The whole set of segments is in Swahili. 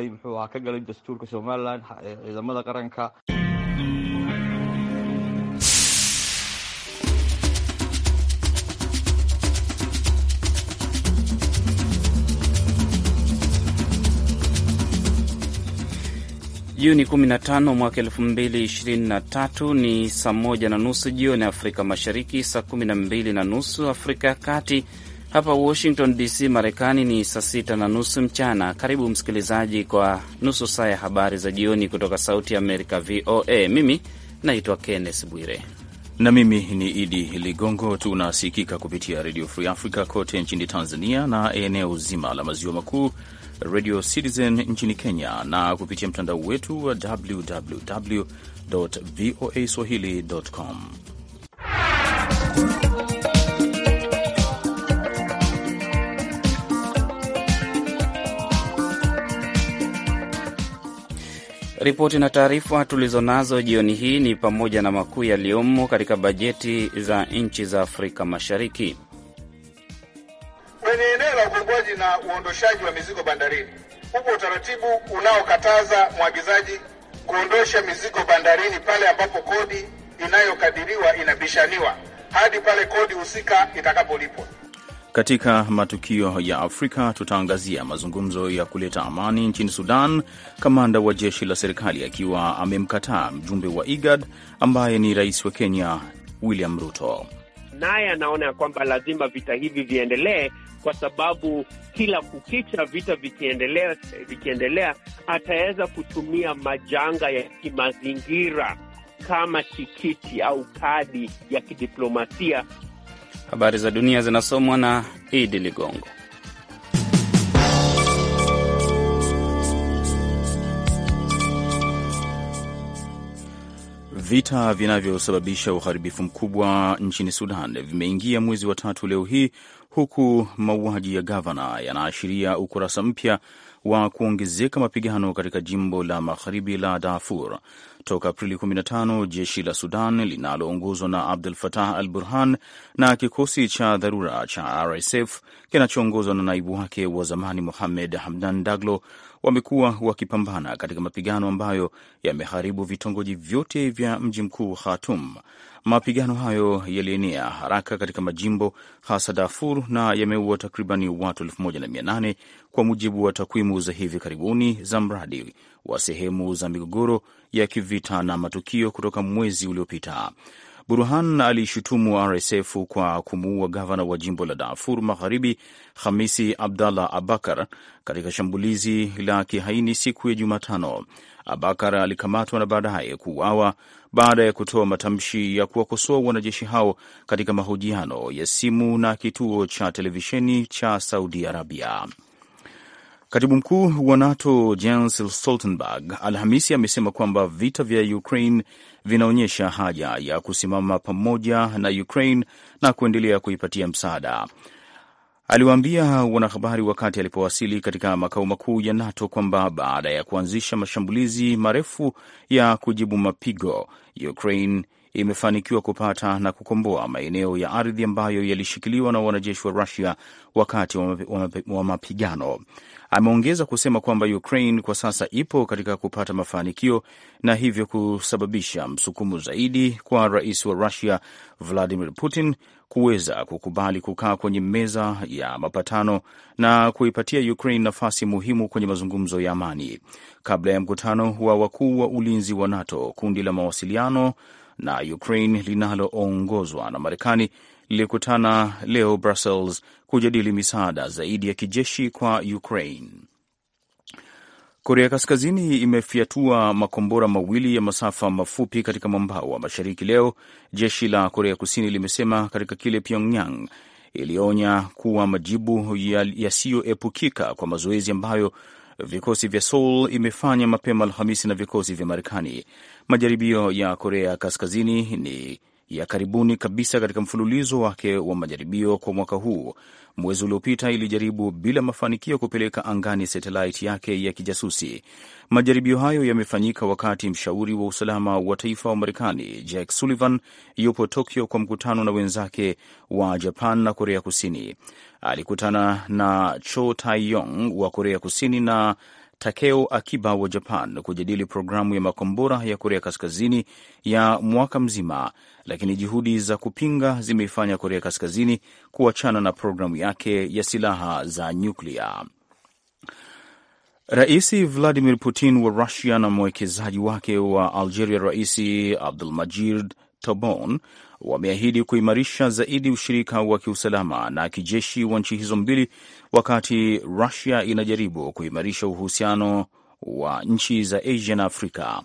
muxuu ahaa ka galay dastuurka somalilan ee, ciidamada qaranka Juni 15 mwaka 2023 ni saa moja na nusu jioni Afrika Mashariki, saa 12 na nusu Afrika ya Kati hapa Washington DC, Marekani ni saa sita na nusu mchana. Karibu msikilizaji kwa nusu saa ya habari za jioni kutoka Sauti ya Amerika, VOA. Mimi naitwa Kenneth Bwire na mimi ni Idi Ligongo. Tunasikika kupitia Redio Free Africa kote nchini Tanzania na eneo zima la maziwa makuu, Radio Citizen nchini Kenya na kupitia mtandao wetu wa www voa swahili.com. Ripoti na taarifa tulizonazo jioni hii ni pamoja na makuu yaliyomo katika bajeti za nchi za Afrika Mashariki. Kwenye eneo la ugongoji na uondoshaji wa mizigo bandarini, upo utaratibu unaokataza mwagizaji kuondosha mizigo bandarini pale ambapo kodi inayokadiriwa inabishaniwa hadi pale kodi husika itakapolipwa. Katika matukio ya Afrika tutaangazia mazungumzo ya kuleta amani nchini Sudan, kamanda wa jeshi la serikali akiwa amemkataa mjumbe wa IGAD ambaye ni rais wa Kenya William Ruto. Naye anaona ya kwamba lazima vita hivi viendelee kwa sababu kila kukicha vita vikiendelea, vikiendelea ataweza kutumia majanga ya kimazingira kama tikiti au kadi ya kidiplomasia Habari za dunia zinasomwa na Idi Ligongo. Vita vinavyosababisha uharibifu mkubwa nchini Sudan vimeingia mwezi wa tatu leo hii, huku mauaji ya gavana yanaashiria ukurasa mpya wa kuongezeka mapigano katika jimbo la magharibi la Darfur toka Aprili 15 jeshi la Sudan linaloongozwa na Abdul Fatah al Burhan na kikosi cha dharura cha RSF kinachoongozwa na naibu wake wa zamani Mohamed Hamdan Daglo wamekuwa wakipambana katika mapigano ambayo yameharibu vitongoji vyote vya mji mkuu Khartoum. Mapigano hayo yalienea haraka katika majimbo hasa Darfur na yameua takribani watu 1800 kwa mujibu wa takwimu za hivi karibuni za mradi wa sehemu za migogoro ya kivita na matukio kutoka mwezi uliopita. Burhan aliishutumu RSF kwa kumuua gavana wa jimbo la Darfur Magharibi Hamisi Abdallah Abakar katika shambulizi la kihaini siku ya Jumatano. Abakar alikamatwa na baadaye kuuawa baada ya kutoa matamshi ya kuwakosoa wanajeshi hao katika mahojiano ya simu na kituo cha televisheni cha Saudi Arabia. Katibu mkuu wa NATO Jens Stoltenberg Alhamisi amesema kwamba vita vya Ukraine vinaonyesha haja ya kusimama pamoja na Ukraine na kuendelea kuipatia msaada. Aliwaambia wanahabari wakati alipowasili katika makao makuu ya NATO kwamba baada ya kuanzisha mashambulizi marefu ya kujibu mapigo Ukraine imefanikiwa kupata na kukomboa maeneo ya ardhi ambayo yalishikiliwa na wanajeshi wa Rusia wakati wa mapigano. Ameongeza kusema kwamba Ukraine kwa sasa ipo katika kupata mafanikio na hivyo kusababisha msukumo zaidi kwa rais wa Rusia Vladimir Putin kuweza kukubali kukaa kwenye meza ya mapatano na kuipatia Ukraine nafasi muhimu kwenye mazungumzo ya amani. Kabla ya mkutano wa wakuu wa ulinzi wa NATO, kundi la mawasiliano na Ukraine linaloongozwa na Marekani lilikutana leo Brussels kujadili misaada zaidi ya kijeshi kwa Ukraine. Korea Kaskazini imefyatua makombora mawili ya masafa mafupi katika mwambao wa mashariki leo, jeshi la Korea Kusini limesema katika kile Pyongyang ilionya kuwa majibu yasiyoepukika kwa mazoezi ambayo vikosi vya Seoul imefanya mapema Alhamisi na vikosi vya Marekani. Majaribio ya Korea Kaskazini ni ya karibuni kabisa katika mfululizo wake wa majaribio kwa mwaka huu. Mwezi uliopita ilijaribu bila mafanikio kupeleka angani satelaiti yake ya kijasusi. Majaribio hayo yamefanyika wakati mshauri wa usalama wa taifa wa Marekani Jack Sullivan yupo Tokyo kwa mkutano na wenzake wa Japan na Korea Kusini. Alikutana na Cho Tae-yong wa Korea Kusini na Takeo Akiba wa Japan kujadili programu ya makombora ya Korea Kaskazini ya mwaka mzima, lakini juhudi za kupinga zimeifanya Korea Kaskazini kuachana na programu yake ya silaha za nyuklia. Rais Vladimir Putin wa rusia na mwekezaji wake wa Algeria, Rais majid tobon wameahidi kuimarisha zaidi ushirika wa kiusalama na kijeshi wa nchi hizo mbili, wakati Rusia inajaribu kuimarisha uhusiano wa nchi za Asia na Afrika.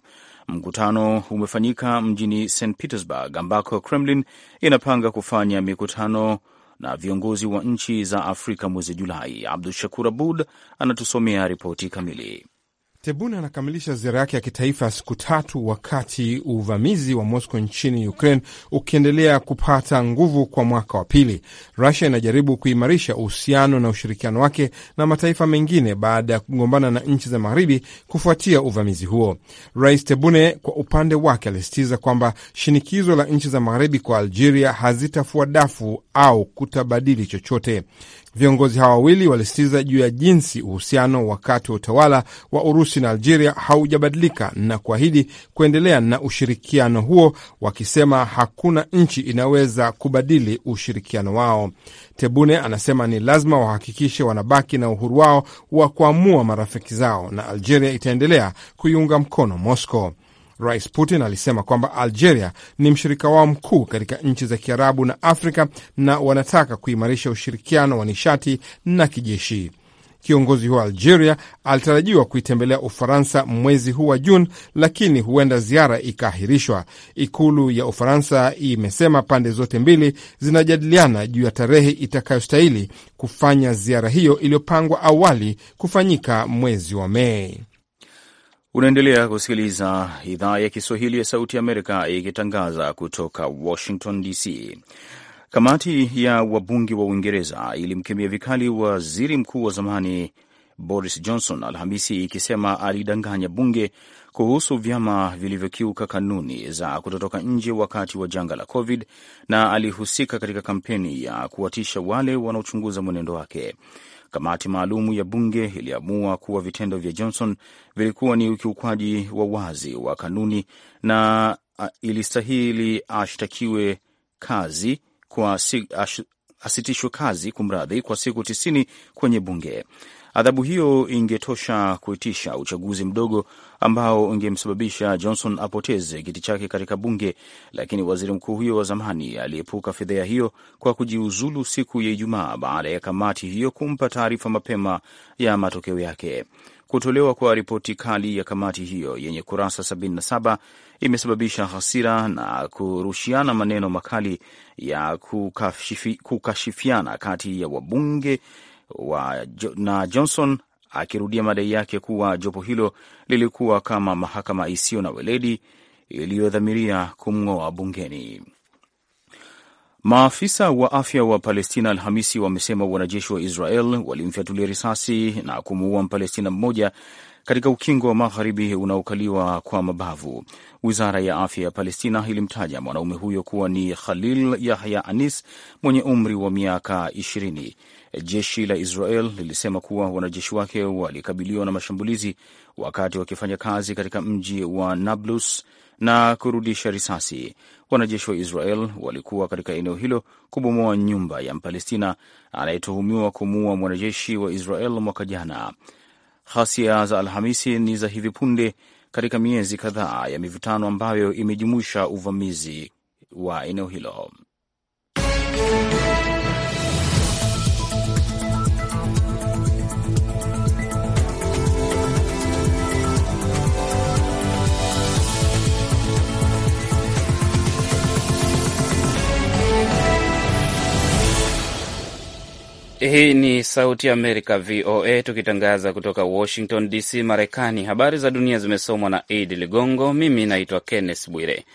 Mkutano umefanyika mjini St Petersburg, ambako Kremlin inapanga kufanya mikutano na viongozi wa nchi za Afrika mwezi Julai. Abdu Shakur Abud anatusomea ripoti kamili. Tebune anakamilisha ziara yake ya kitaifa ya siku tatu wakati uvamizi wa Moscow nchini Ukraine ukiendelea kupata nguvu kwa mwaka wa pili. Rusia inajaribu kuimarisha uhusiano na ushirikiano wake na mataifa mengine baada ya kugombana na nchi za magharibi kufuatia uvamizi huo. Rais Tebune kwa upande wake alisisitiza kwamba shinikizo la nchi za magharibi kwa Algeria hazitafua dafu au kutabadili chochote. Viongozi hawa wawili walisitiza juu ya jinsi uhusiano wakati wa utawala wa Urusi na Algeria haujabadilika na kuahidi kuendelea na ushirikiano huo, wakisema hakuna nchi inaweza kubadili ushirikiano wao. Tebune anasema ni lazima wahakikishe wanabaki na uhuru wao wa kuamua marafiki zao, na Algeria itaendelea kuiunga mkono Moscow. Rais Putin alisema kwamba Algeria ni mshirika wao mkuu katika nchi za Kiarabu na Afrika na wanataka kuimarisha ushirikiano wa nishati na kijeshi. Kiongozi wa Algeria alitarajiwa kuitembelea Ufaransa mwezi huu wa Juni, lakini huenda ziara ikaahirishwa. Ikulu ya Ufaransa imesema pande zote mbili zinajadiliana juu ya tarehe itakayostahili kufanya ziara hiyo iliyopangwa awali kufanyika mwezi wa Mei. Unaendelea kusikiliza idhaa ya Kiswahili ya Sauti ya Amerika ikitangaza kutoka Washington DC. Kamati ya wabunge wa Uingereza ilimkemea vikali waziri mkuu wa zamani Boris Johnson Alhamisi ikisema alidanganya bunge kuhusu vyama vilivyokiuka kanuni za kutotoka nje wakati wa janga la COVID na alihusika katika kampeni ya kuwatisha wale wanaochunguza mwenendo wake. Kamati maalum ya bunge iliamua kuwa vitendo vya Johnson vilikuwa ni ukiukwaji wa wazi wa kanuni na ilistahili ashtakiwe kazi kwa asitishwe kazi kumradhi, kwa siku tisini kwenye bunge. Adhabu hiyo ingetosha kuitisha uchaguzi mdogo ambao ungemsababisha Johnson apoteze kiti chake katika bunge, lakini waziri mkuu huyo wa zamani aliepuka fedheha hiyo kwa kujiuzulu siku ya Ijumaa baada ya kamati hiyo kumpa taarifa mapema ya matokeo yake. Kutolewa kwa ripoti kali ya kamati hiyo yenye kurasa 77 imesababisha hasira na kurushiana maneno makali ya kukashifiana kati ya wabunge wa na Johnson akirudia madai yake kuwa jopo hilo lilikuwa kama mahakama isiyo na weledi iliyodhamiria kumng'oa bungeni. Maafisa wa afya wa Palestina Alhamisi wamesema wanajeshi wa Israel walimfyatulia risasi na kumuua Mpalestina mmoja katika ukingo wa magharibi unaokaliwa kwa mabavu. Wizara ya afya ya Palestina ilimtaja mwanaume huyo kuwa ni Khalil Yahya Anis mwenye umri wa miaka ishirini. Jeshi la Israel lilisema kuwa wanajeshi wake walikabiliwa na mashambulizi wakati wakifanya kazi katika mji wa Nablus na kurudisha risasi. Wanajeshi wa Israel walikuwa katika eneo hilo kubomoa nyumba ya Mpalestina anayetuhumiwa kumuua mwanajeshi wa Israel mwaka jana. Ghasia za Alhamisi ni za hivi punde katika miezi kadhaa ya mivutano ambayo imejumuisha uvamizi wa eneo hilo. Hii ni Sauti ya Amerika, VOA, tukitangaza kutoka Washington DC, Marekani. Habari za dunia zimesomwa na Idi Ligongo. Mimi naitwa Kenneth Bwire.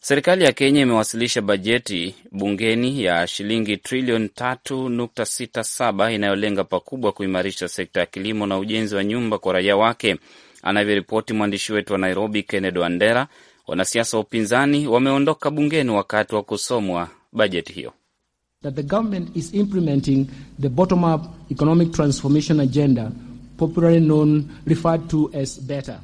Serikali ya Kenya imewasilisha bajeti bungeni ya shilingi trilioni 3.67 inayolenga pakubwa kuimarisha sekta ya kilimo na ujenzi wa nyumba kwa raia wake, anavyoripoti mwandishi wetu wa Nairobi, Kennedy Wandera. Wanasiasa wa upinzani wameondoka bungeni wakati wa kusomwa bajeti hiyo. that the government is implementing the bottom up economic transformation agenda popularly known referred to as better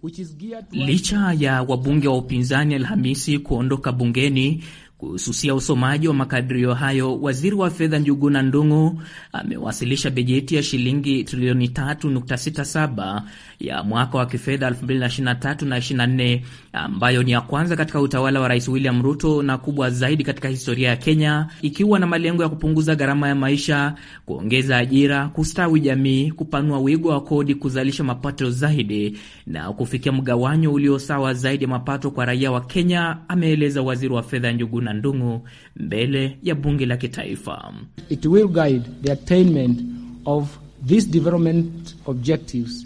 which is geared to... Licha ya wabunge wa upinzani Alhamisi kuondoka bungeni Kuhususia usomaji wa makadirio hayo, waziri wa fedha Njuguna Ndung'u amewasilisha bajeti ya shilingi trilioni 3.67 ya mwaka wa kifedha 2023 na 24 ambayo ni ya kwanza katika utawala wa Rais William Ruto na kubwa zaidi katika historia ya Kenya, ikiwa na malengo ya kupunguza gharama ya maisha, kuongeza ajira, kustawi jamii, kupanua wigo wa kodi, kuzalisha mapato zaidi na kufikia mgawanyo ulio sawa zaidi ya mapato kwa raia wa Kenya, ameeleza waziri wa fedha Njuguna na Ndung'u mbele ya bunge la kitaifa. It will guide the attainment of these development objectives.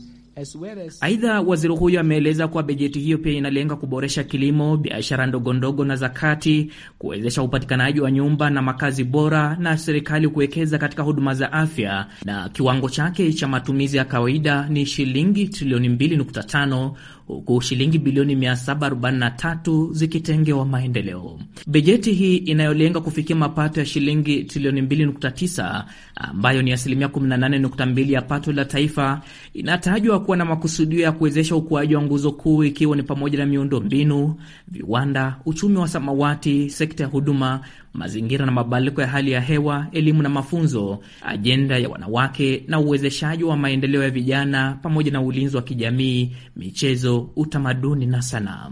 Aidha, waziri huyo ameeleza kuwa bajeti hiyo pia inalenga kuboresha kilimo, biashara ndogondogo na zakati, kuwezesha upatikanaji wa nyumba na makazi bora, na serikali kuwekeza katika huduma za afya, na kiwango chake cha matumizi ya kawaida ni shilingi trilioni 2.5 huku shilingi bilioni 743 zikitengewa maendeleo. Bajeti hii inayolenga kufikia mapato ya shilingi trilioni 2.9 ambayo ni asilimia 18.2 ya pato la taifa inatajwa kuwa na makusudio ya kuwezesha ukuaji wa nguzo kuu ikiwa ni pamoja na miundo mbinu viwanda, uchumi wa samawati, sekta ya huduma, mazingira na mabadiliko ya hali ya hewa, elimu na mafunzo, ajenda ya wanawake na uwezeshaji wa maendeleo ya vijana, pamoja na ulinzi wa kijamii, michezo utamaduni na sanaa.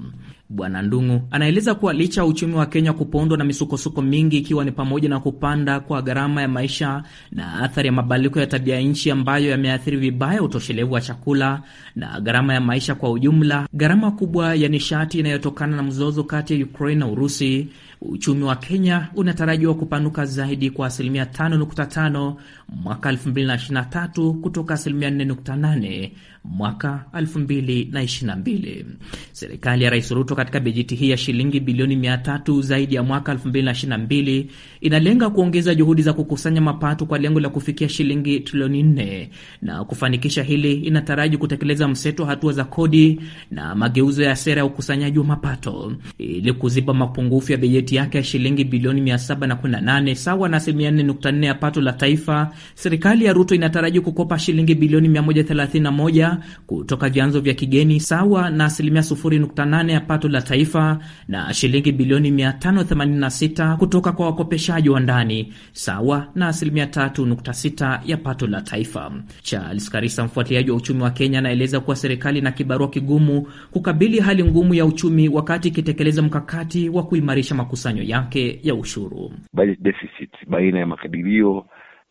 Bwana Ndung'u anaeleza kuwa licha ya uchumi wa Kenya kupondwa na misukosuko mingi, ikiwa ni pamoja na kupanda kwa gharama ya maisha na athari ya mabadiliko ya tabia nchi ambayo yameathiri vibaya utoshelevu wa chakula na gharama ya maisha kwa ujumla, gharama kubwa ya nishati inayotokana na mzozo kati ya Ukraine na Urusi, uchumi wa Kenya unatarajiwa kupanuka zaidi kwa asilimia 5.5 mwaka 2023 kutoka asilimia 4.8 mwaka 2022. Serikali ya Rais Ruto katika bajeti hii ya shilingi bilioni 300 zaidi ya mwaka 2022 inalenga kuongeza juhudi za kukusanya mapato kwa lengo la kufikia shilingi trilioni 4, na kufanikisha hili inataraji kutekeleza mseto hatua za kodi na mageuzo ya sera ya ukusanyaji wa mapato ili kuziba mapungufu ya bajeti yake ya shilingi bilioni 718 sawa na asilimia 4.4 ya pato la taifa. Serikali ya Ruto inataraji kukopa shilingi bilioni 131 kutoka vyanzo vya kigeni sawa na asilimia 0.8 ya pato la taifa na shilingi bilioni 586 kutoka kwa wakopeshaji wa ndani sawa na asilimia 3.6 ya pato la taifa. Charles Karisa, mfuatiliaji wa uchumi wa Kenya, anaeleza kuwa serikali na kibarua kigumu kukabili hali ngumu ya uchumi wakati ikitekeleza mkakati wa kuimarisha makusanyo yake ya ushuru. Budget deficit baina ya makadirio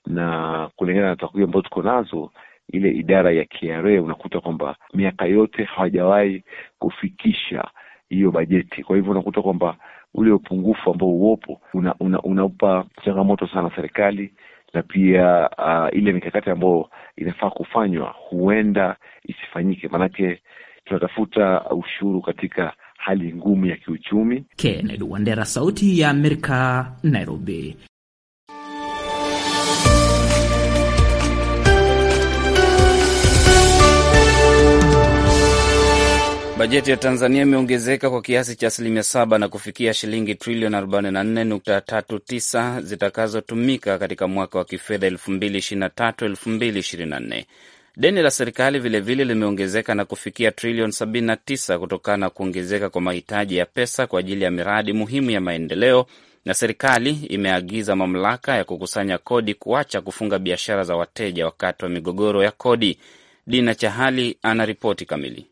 na kulingana na takwimu ambazo tuko nazo ile idara ya KRA unakuta kwamba miaka yote hawajawahi kufikisha hiyo bajeti. Kwa hivyo unakuta kwamba ule upungufu ambao uopo una, una, unaupa changamoto sana serikali na pia uh, ile mikakati ambayo inafaa kufanywa huenda isifanyike, maanake tunatafuta ushuru katika hali ngumu ya kiuchumi. Kennedy Wandera, Sauti ya Amerika, Nairobi. Bajeti ya Tanzania imeongezeka kwa kiasi cha asilimia saba na kufikia shilingi trilioni 44.39 zitakazotumika katika mwaka wa kifedha 2023/2024. Deni la serikali vilevile limeongezeka na kufikia trilioni 79 kutokana na kuongezeka kwa mahitaji ya pesa kwa ajili ya miradi muhimu ya maendeleo, na serikali imeagiza mamlaka ya kukusanya kodi kuacha kufunga biashara za wateja wakati wa migogoro ya kodi. Dina Chahali anaripoti kamili.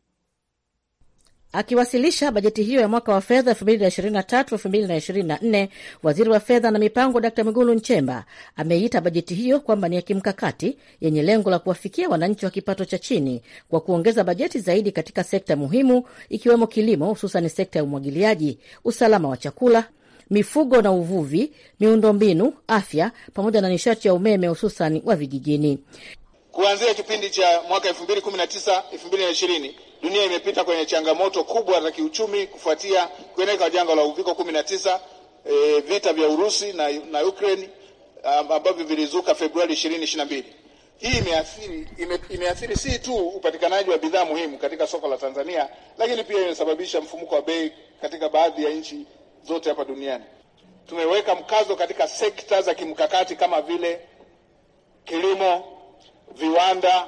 Akiwasilisha bajeti hiyo ya mwaka wa fedha 2023/2024 waziri wa fedha na mipango Dkt Mwigulu Nchemba ameita bajeti hiyo kwamba ni ya kimkakati yenye lengo la kuwafikia wananchi wa kipato cha chini kwa kuongeza bajeti zaidi katika sekta muhimu ikiwemo kilimo, hususan sekta ya umwagiliaji, usalama wa chakula mifugo na uvuvi, miundombinu, afya pamoja na nishati ya umeme hususan wa vijijini. Kuanzia kipindi cha mwaka 2019 2020 dunia imepita kwenye changamoto kubwa za kiuchumi kufuatia kueneka kwa janga la uviko 19, e, vita vya Urusi na, na Ukraine ambavyo vilizuka Februari 2022. Hii imeathiri ime, imeathiri si tu upatikanaji wa bidhaa muhimu katika soko la Tanzania, lakini pia imesababisha mfumuko wa bei katika baadhi ya nchi zote hapa duniani. Tumeweka mkazo katika sekta za kimkakati kama vile kilimo viwanda,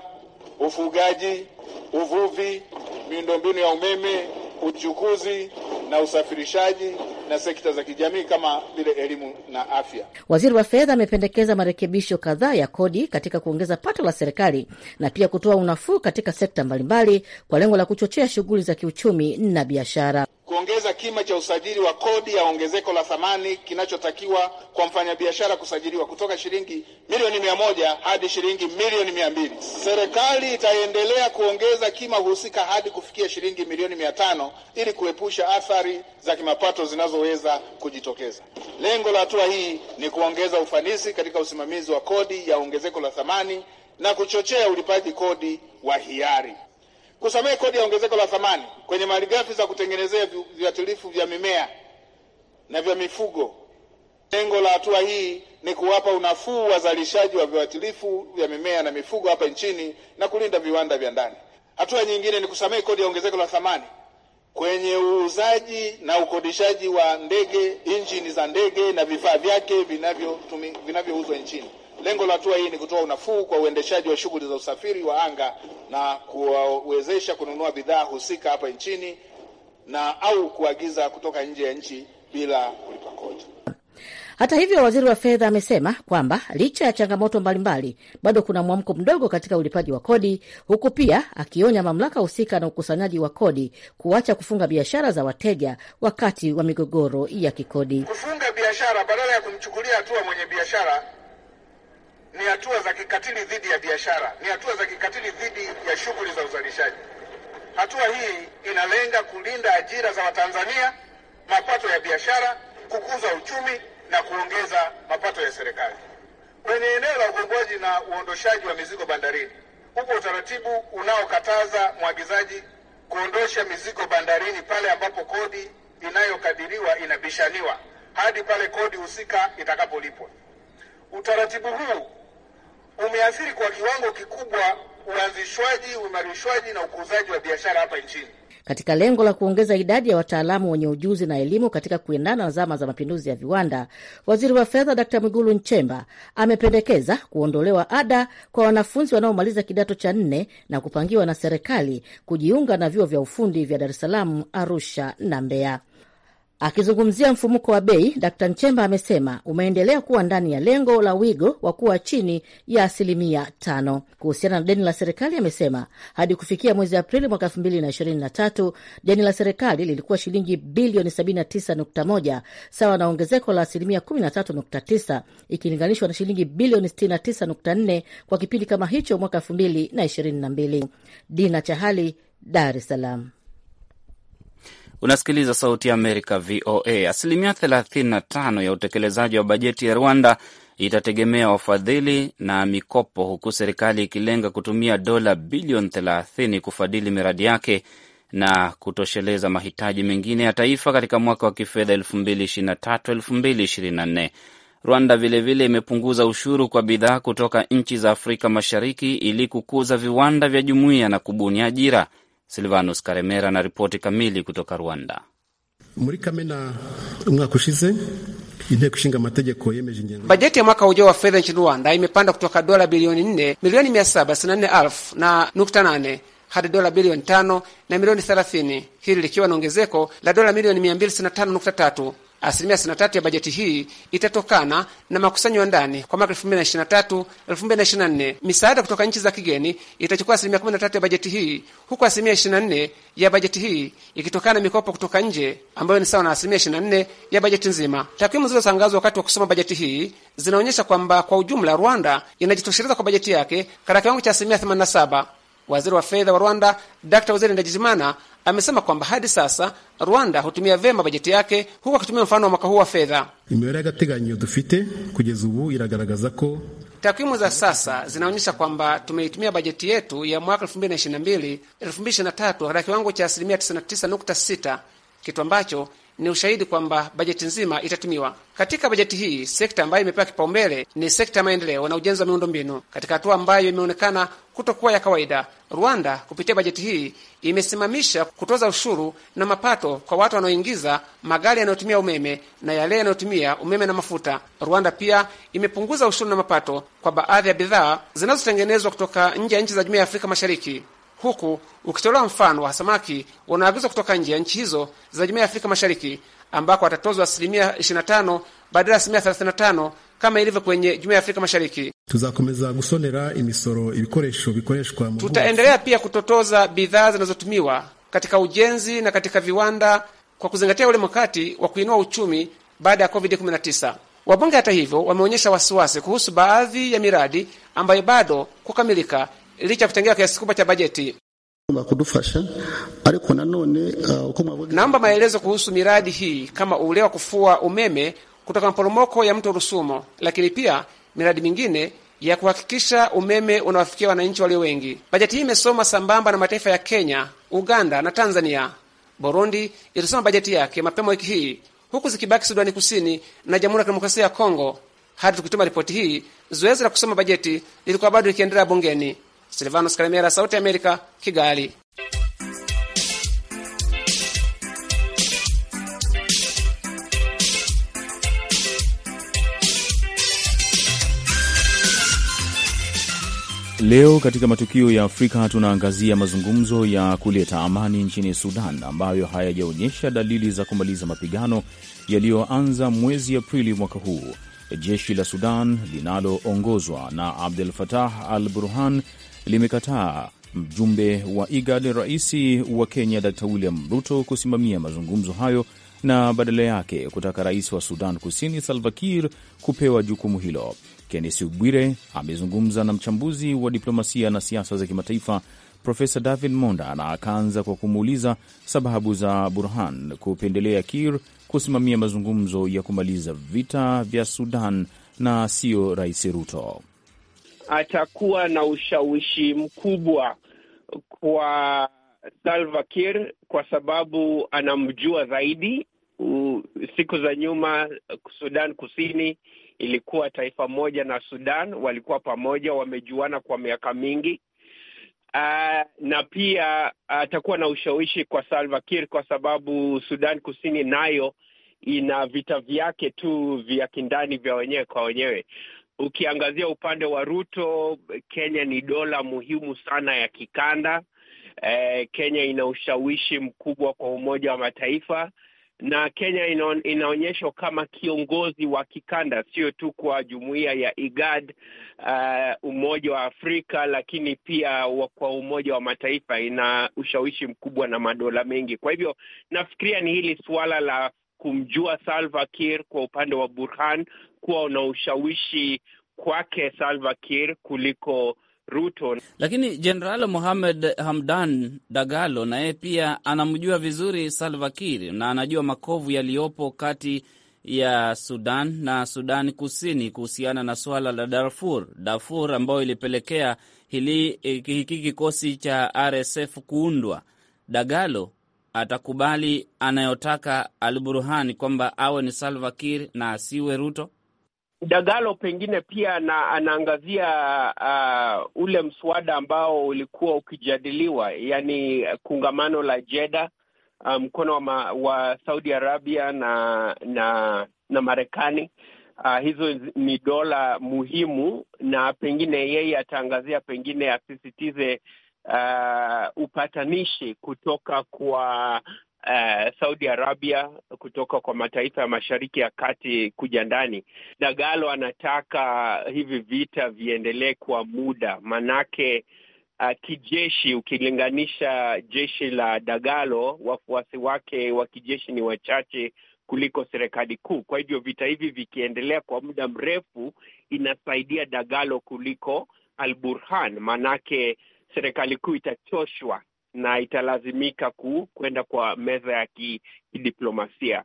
ufugaji, uvuvi, miundombinu ya umeme, uchukuzi na usafirishaji na sekta za kijamii kama vile elimu na afya. Waziri wa Fedha amependekeza marekebisho kadhaa ya kodi katika kuongeza pato la serikali na pia kutoa unafuu katika sekta mbalimbali kwa lengo la kuchochea shughuli za kiuchumi na biashara kuongeza kima cha usajili wa kodi ya ongezeko la thamani kinachotakiwa kwa mfanyabiashara kusajiliwa kutoka shilingi milioni mia moja hadi shilingi milioni mia mbili. Serikali itaendelea kuongeza kima husika hadi kufikia shilingi milioni mia tano ili kuepusha athari za kimapato zinazoweza kujitokeza. Lengo la hatua hii ni kuongeza ufanisi katika usimamizi wa kodi ya ongezeko la thamani na kuchochea ulipaji kodi wa hiari kusamehe kodi ya ongezeko la thamani kwenye malighafi za kutengenezea viuatilifu vya mimea na vya mifugo. Lengo la hatua hii ni kuwapa unafuu wazalishaji wa viuatilifu vya mimea na mifugo hapa nchini na kulinda viwanda vya ndani. Hatua nyingine ni kusamehe kodi ya ongezeko la thamani kwenye uuzaji na ukodishaji wa ndege, injini za ndege na vifaa vyake vinavyouzwa nchini. Lengo la hatua hii ni kutoa unafuu kwa uendeshaji wa shughuli za usafiri wa anga na kuwawezesha kununua bidhaa husika hapa nchini na au kuagiza kutoka nje ya nchi bila kulipa kodi. Hata hivyo, waziri wa fedha amesema kwamba licha ya changamoto mbalimbali bado kuna mwamko mdogo katika ulipaji wa kodi, huku pia akionya mamlaka husika na ukusanyaji wa kodi kuacha kufunga biashara za wateja wakati wa migogoro ya kikodi. Kufunga biashara badala ya kumchukulia hatua mwenye biashara ni hatua za kikatili dhidi ya biashara, ni hatua za kikatili dhidi ya shughuli za uzalishaji. Hatua hii inalenga kulinda ajira za Watanzania, mapato ya biashara, kukuza uchumi na kuongeza mapato ya serikali. Kwenye eneo la ugombwaji na uondoshaji wa mizigo bandarini, upo utaratibu unaokataza mwagizaji kuondosha mizigo bandarini pale ambapo kodi inayokadiriwa inabishaniwa hadi pale kodi husika itakapolipwa. Utaratibu huu umeathiri kwa kiwango kikubwa uanzishwaji, uimarishwaji na ukuzaji wa biashara hapa nchini. Katika lengo la kuongeza idadi ya wataalamu wenye ujuzi na elimu katika kuendana na zama za mapinduzi ya viwanda, waziri wa fedha Dkt. Mwigulu Nchemba amependekeza kuondolewa ada kwa wanafunzi wanaomaliza kidato cha nne na kupangiwa na serikali kujiunga na vyuo vya ufundi vya Dar es Salaam, Arusha na Mbeya. Akizungumzia mfumuko wa bei, Dkt Nchemba amesema umeendelea kuwa ndani ya lengo la wigo wa kuwa chini ya asilimia tano. Kuhusiana na deni la serikali, amesema hadi kufikia mwezi Aprili mwaka elfu na ishirini na tatu deni la serikali lilikuwa shilingi bilioni 79.1 sawa na ongezeko la asilimia 13.9 ikilinganishwa na shilingi bilioni 69.4 kwa kipindi kama hicho mwaka elfu mbili na ishirini na mbili. Dina Chahali, Dar es Salaam. Unasikiliza Sauti ya Amerika, VOA. Asilimia 35 ya utekelezaji wa bajeti ya Rwanda itategemea wafadhili na mikopo, huku serikali ikilenga kutumia dola bilioni 30 kufadhili miradi yake na kutosheleza mahitaji mengine ya taifa katika mwaka wa kifedha 2023-2024. Rwanda vilevile vile imepunguza ushuru kwa bidhaa kutoka nchi za Afrika Mashariki ili kukuza viwanda vya jumuiya na kubuni ajira. Silvanus Karemera na ripoti kamili kutoka Rwanda. muri kamena umwaka ushize Inteko Ishinga Amategeko yemeje ingengo. Bajeti ya mwaka ujao wa fedha nchini Rwanda imepanda kutoka dola bilioni 4 milioni 764 na nukta nane hadi dola bilioni tano na milioni thelathini, hili likiwa na ongezeko la dola milioni mia mbili sitini na tano nukta tatu. Asilimia sitini na tatu ya bajeti hii itatokana na makusanyo ya ndani kwa mwaka elfu mbili na ishirini na tatu elfu mbili na ishirini na nne. Misaada kutoka nchi za kigeni itachukua asilimia kumi na tatu ya bajeti hii huku asilimia ishirini na nne ya bajeti hii ikitokana na mikopo kutoka nje ambayo ni sawa na asilimia ishirini na nne ya bajeti nzima. Takwimu zilizotangazwa wakati wa kusoma bajeti hii zinaonyesha kwamba kwa ujumla Rwanda inajitosheleza kwa bajeti yake katika kiwango cha asilimia themanini na saba. Waziri wa fedha wa Rwanda Dr Waziri Ndagijimana amesema kwamba hadi sasa Rwanda hutumia vema bajeti yake huku akitumia mfano wa mwaka huu wa fedha. Imibare y'agateganyo dufite kugeza ubu iragaragaza ko takwimu za sasa zinaonyesha kwamba tumeitumia bajeti yetu ya mwaka 2022 2023 katika kiwango cha asilimia 99.6 kitu ambacho ni ushahidi kwamba bajeti nzima itatumiwa. Katika bajeti hii, sekta ambayo imepewa kipaumbele ni sekta ya maendeleo na ujenzi wa miundombinu, katika hatua ambayo imeonekana kutokuwa ya kawaida. Rwanda kupitia bajeti hii imesimamisha kutoza ushuru na mapato kwa watu wanaoingiza magari yanayotumia umeme na yale yanayotumia umeme na mafuta. Rwanda pia imepunguza ushuru na mapato kwa baadhi ya bidhaa zinazotengenezwa kutoka nje ya nchi za Jumuiya ya Afrika Mashariki huku ukitolewa mfano wa samaki wanaagizwa kutoka nje ya nchi hizo za Jumuiya ya Afrika Mashariki, ambako watatozwa asilimia 25 badala ya asilimia 35 kama ilivyo kwenye Jumuiya ya Afrika Mashariki. Tuzakomeza gusonera imisoro ibikoresho bikoreshwa. Tutaendelea pia kutotoza bidhaa zinazotumiwa katika ujenzi na katika viwanda kwa kuzingatia ule mkakati wa kuinua uchumi baada ya COVID-19. Wabunge hata hivyo wameonyesha wasiwasi kuhusu baadhi ya miradi ambayo bado kukamilika licha kutengea kiasi kikubwa cha bajeti. Naomba ah, maelezo kuhusu miradi hii kama ule wa kufua umeme kutoka maporomoko ya mto Rusumo, lakini pia miradi mingine ya kuhakikisha umeme unawafikia wananchi walio wengi. Bajeti hii imesoma sambamba na mataifa ya Kenya, Uganda na Tanzania. Burundi ilisoma bajeti yake mapema wiki hii, huku zikibaki Sudani Kusini na Jamhuri ya Kidemokrasia ya Kongo. Hadi tukituma ripoti hii, zoezi la kusoma bajeti lilikuwa bado likiendelea bungeni. Silvanos Karemera, Sauti ya Amerika, Kigali. Leo katika matukio ya Afrika tunaangazia mazungumzo ya kuleta amani nchini Sudan ambayo hayajaonyesha dalili za kumaliza mapigano yaliyoanza mwezi Aprili mwaka huu. Jeshi la Sudan linaloongozwa na Abdel Fattah al Burhan limekataa mjumbe wa IGAD Rais wa Kenya Dr William Ruto kusimamia mazungumzo hayo na badala yake kutaka rais wa Sudan Kusini Salva Kiir kupewa jukumu hilo. kennesi Bwire amezungumza na mchambuzi wa diplomasia na siasa za kimataifa Profesa David Monda na akaanza kwa kumuuliza sababu za Burhan kupendelea Kiir kusimamia mazungumzo ya kumaliza vita vya Sudan na siyo Rais Ruto atakuwa na ushawishi mkubwa kwa Salva Kiir kwa sababu anamjua zaidi. Siku za nyuma Sudan Kusini ilikuwa taifa moja na Sudan, walikuwa pamoja, wamejuana kwa miaka mingi. Uh, na pia atakuwa uh, na ushawishi kwa Salva Kiir kwa sababu Sudan Kusini nayo ina vita vyake tu vya kindani vya wenyewe kwa wenyewe. Ukiangazia upande wa Ruto, Kenya ni dola muhimu sana ya kikanda. E, Kenya ina ushawishi mkubwa kwa Umoja wa Mataifa na Kenya inaonyeshwa kama kiongozi wa kikanda, sio tu kwa jumuiya ya IGAD, uh, Umoja wa Afrika, lakini pia kwa Umoja wa Mataifa. Ina ushawishi mkubwa na madola mengi. Kwa hivyo nafikiria ni hili suala la kumjua Salva Kiir kwa upande wa Burhan kuwa na ushawishi kwake Salva Kiir kuliko Ruto. Lakini Jenerali Mohamed Hamdan Dagalo naye pia anamjua vizuri Salva Kiir na anajua makovu yaliyopo kati ya Sudan na Sudan Kusini kuhusiana na suala la Darfur, Darfur ambayo ilipelekea hili hiki kikosi cha RSF kuundwa. Dagalo atakubali anayotaka Al Burhani kwamba awe ni Salva Kiir na asiwe Ruto? Dagalo pengine pia na, anaangazia uh, ule mswada ambao ulikuwa ukijadiliwa, yaani kungamano la jeda uh, mkono um, wa, wa Saudi Arabia na na na Marekani. Uh, hizo ni dola muhimu, na pengine yeye ataangazia, pengine asisitize uh, upatanishi kutoka kwa uh, Saudi Arabia kutoka kwa mataifa ya Mashariki ya Kati kuja ndani. Dagalo anataka hivi vita viendelee kwa muda, manake uh, kijeshi, ukilinganisha jeshi la Dagalo, wafuasi wake wa kijeshi ni wachache kuliko serikali kuu. Kwa hivyo vita hivi vikiendelea kwa muda mrefu, inasaidia Dagalo kuliko Al Burhan, manake serikali kuu itachoshwa na italazimika ku kwenda kwa meza ya kidiplomasia.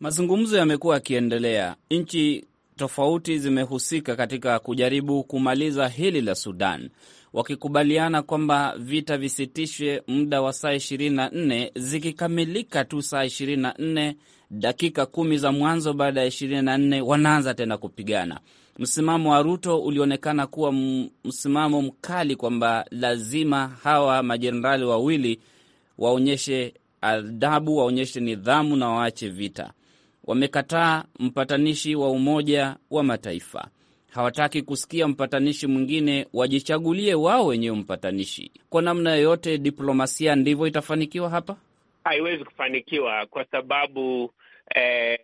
Mazungumzo yamekuwa yakiendelea, nchi tofauti zimehusika katika kujaribu kumaliza hili la Sudan, wakikubaliana kwamba vita visitishwe muda wa saa ishirini na nne zikikamilika tu saa ishirini na nne dakika kumi za mwanzo baada ya ishirini na nne wanaanza tena kupigana. Msimamo wa Ruto ulionekana kuwa msimamo mkali kwamba lazima hawa majenerali wawili waonyeshe adabu, waonyeshe nidhamu na waache vita. Wamekataa mpatanishi wa Umoja wa Mataifa, hawataki kusikia mpatanishi mwingine, wajichagulie wao wenyewe mpatanishi. Kwa namna yoyote, diplomasia ndivyo itafanikiwa hapa? Haiwezi kufanikiwa kwa sababu eh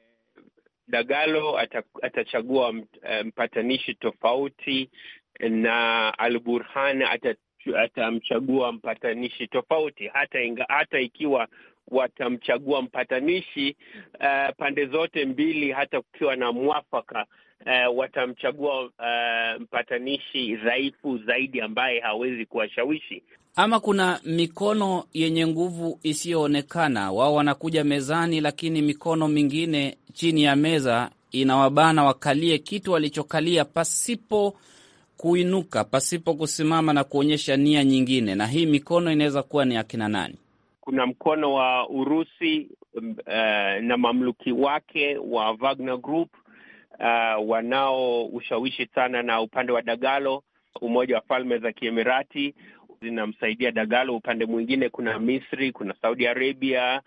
Dagalo atachagua um, mpatanishi tofauti na Al-Burhan atamchagua mpatanishi tofauti. Hata inga, hata ikiwa watamchagua mpatanishi uh, pande zote mbili, hata kukiwa na mwafaka uh, watamchagua uh, mpatanishi dhaifu zaidi ambaye hawezi kuwashawishi ama kuna mikono yenye nguvu isiyoonekana. Wao wanakuja mezani, lakini mikono mingine chini ya meza inawabana wakalie kitu walichokalia pasipo kuinuka, pasipo kusimama na kuonyesha nia nyingine. Na hii mikono inaweza kuwa ni akina nani? Kuna mkono wa Urusi uh, na mamluki wake wa Wagner Group uh, eh, wanaoushawishi sana na upande wa Dagalo, Umoja wa Falme za Kiemirati zinamsaidia Dagalo. Upande mwingine kuna Misri, kuna Saudi Arabia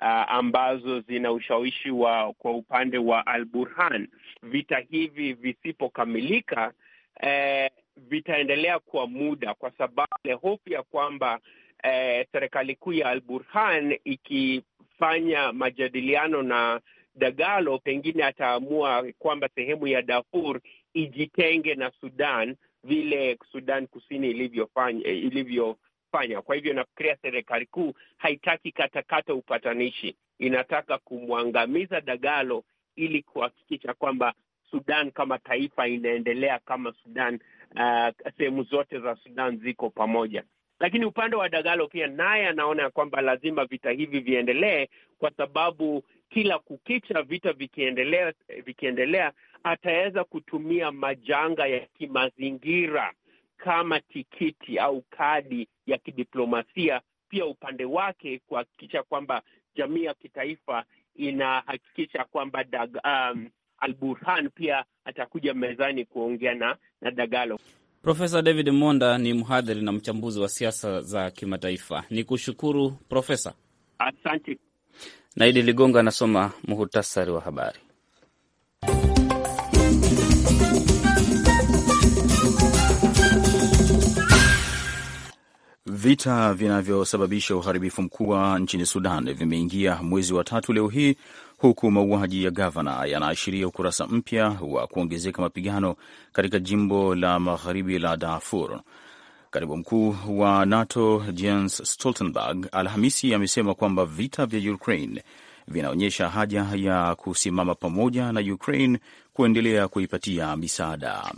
uh, ambazo zina ushawishi wa kwa upande wa Al Burhan. Vita hivi visipokamilika, eh, vitaendelea kwa muda, kwa sababu ile hofu ya kwamba eh, serikali kuu ya Al Burhan ikifanya majadiliano na Dagalo, pengine ataamua kwamba sehemu ya Darfur ijitenge na Sudan vile Sudan Kusini ilivyofanya eh, ilivyofanya. Kwa hivyo nafikiria serikali kuu haitaki katakata upatanishi, inataka kumwangamiza Dagalo ili kuhakikisha kwamba Sudan kama taifa inaendelea kama Sudan, uh, sehemu zote za Sudan ziko pamoja. Lakini upande wa Dagalo pia naye anaona kwamba lazima vita hivi viendelee, kwa sababu kila kukicha vita vikiendelea, vikiendelea ataweza kutumia majanga ya kimazingira kama tikiti au kadi ya kidiplomasia pia upande wake kuhakikisha kwamba jamii ya kitaifa inahakikisha kwamba um, Al Burhan pia atakuja mezani kuongea na na Dagalo. Profesa David Monda ni mhadhiri na mchambuzi wa siasa za kimataifa. Ni kushukuru Profesa, asante. Naidi Ligongo anasoma muhutasari wa habari. Vita vinavyosababisha uharibifu mkubwa nchini Sudan vimeingia mwezi wa tatu leo hii huku mauaji ya gavana yanaashiria ukurasa mpya wa kuongezeka mapigano katika jimbo la magharibi la Darfur. Katibu mkuu wa NATO Jens Stoltenberg Alhamisi amesema kwamba vita vya Ukraine vinaonyesha haja ya kusimama pamoja na Ukraine kuendelea kuipatia misaada.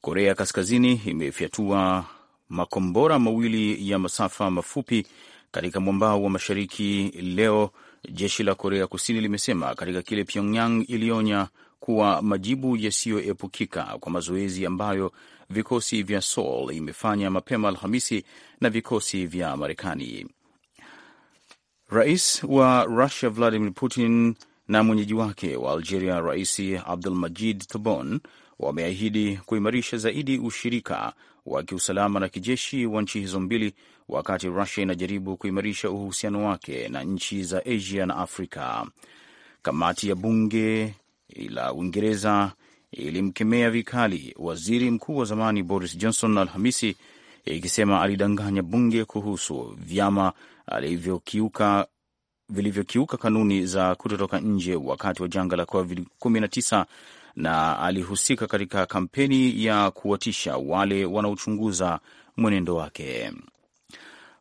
Korea Kaskazini imefyatua makombora mawili ya masafa mafupi katika mwambao wa mashariki leo jeshi la Korea Kusini limesema katika kile Pyongyang ilionya kuwa majibu yasiyoepukika kwa mazoezi ambayo vikosi vya Seoul imefanya mapema Alhamisi na vikosi vya Marekani. Rais wa Russia Vladimir Putin na mwenyeji wake wa Algeria Rais Abdul Majid Tebboune wameahidi kuimarisha zaidi ushirika wa kiusalama na kijeshi wa nchi hizo mbili, wakati Rusia inajaribu kuimarisha uhusiano wake na nchi za Asia na Afrika. Kamati ya bunge la Uingereza ilimkemea vikali waziri mkuu wa zamani Boris Johnson Alhamisi, ikisema alidanganya bunge kuhusu vyama alivyokiuka vilivyokiuka kanuni za kutotoka nje wakati wa janga la COVID-19 na alihusika katika kampeni ya kuwatisha wale wanaochunguza mwenendo wake.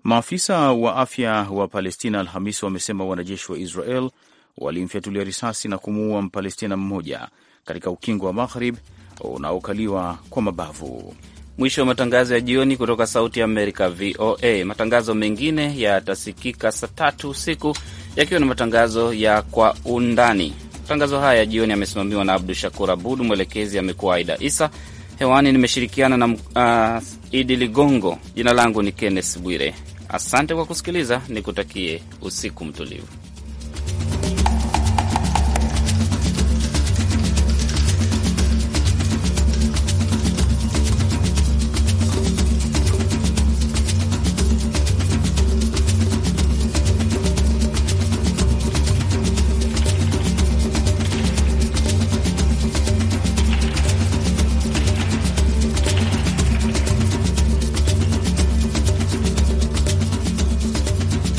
Maafisa wa afya wa Palestina Alhamisi wamesema wanajeshi wa Israel walimfyatulia risasi na kumuua Mpalestina mmoja katika ukingo wa Maghrib unaokaliwa kwa mabavu. Mwisho wa matangazo ya jioni kutoka Sauti ya Amerika, VOA. Matangazo mengine yatasikika saa tatu usiku yakiwa na matangazo ya Kwa Undani. Matangazo haya ya jioni yamesimamiwa na Abdu Shakur Abud, mwelekezi amekuwa Aida Isa. Hewani nimeshirikiana na uh, Idi Ligongo. Jina langu ni Kenneth Bwire. Asante kwa kusikiliza, nikutakie usiku mtulivu.